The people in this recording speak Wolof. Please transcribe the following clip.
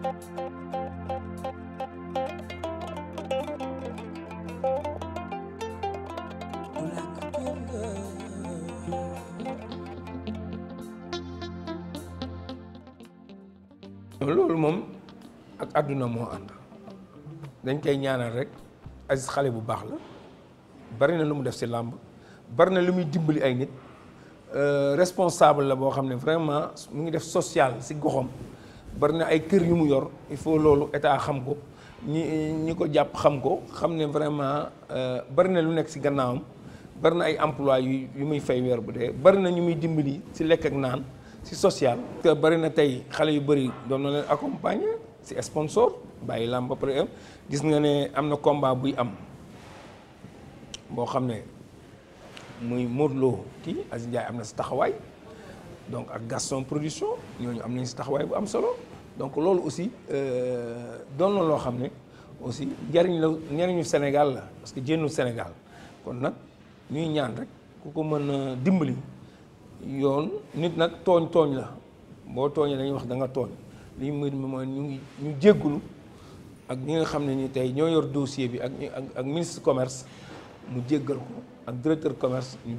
loolu moom ak àdduna moo ànd dañ koy ñaanal rek Aziz xale bu baax la bari na lu mu def ci làmb bari na lu muy dimbali ay nit euh, responsable la boo xam vraiment mu ngi def social ci goxam bari na ay kër yu mu yor il faut loolu état xam ko ñi ñi ko jàpp xam ko xam ne vraiment euh, bari na lu nekk ci gannaawam bari na ay emploi yu yu muy fay weer bu dee bari na ñu muy dimbali si lekk ak naan si social. te bari na tey xale yu bari doon na leen accompagner ci sponsor bàyyi làmb ba gis nga ne am na combat buy am boo xam ne muy Modou Lo kii Aziz am na si taxawaay. donc ak Gaston production ñooñu am nañ donc lolu aussi euh aussi Nous la Sénégal parce que au Sénégal kon nak ñuy ñaan rek dimbali yoon nit sommes togn togn la bo togné dañ wax da nga li ñu ñu ak ni dossier ministre commerce mu djéggal ko directeur commerce ñu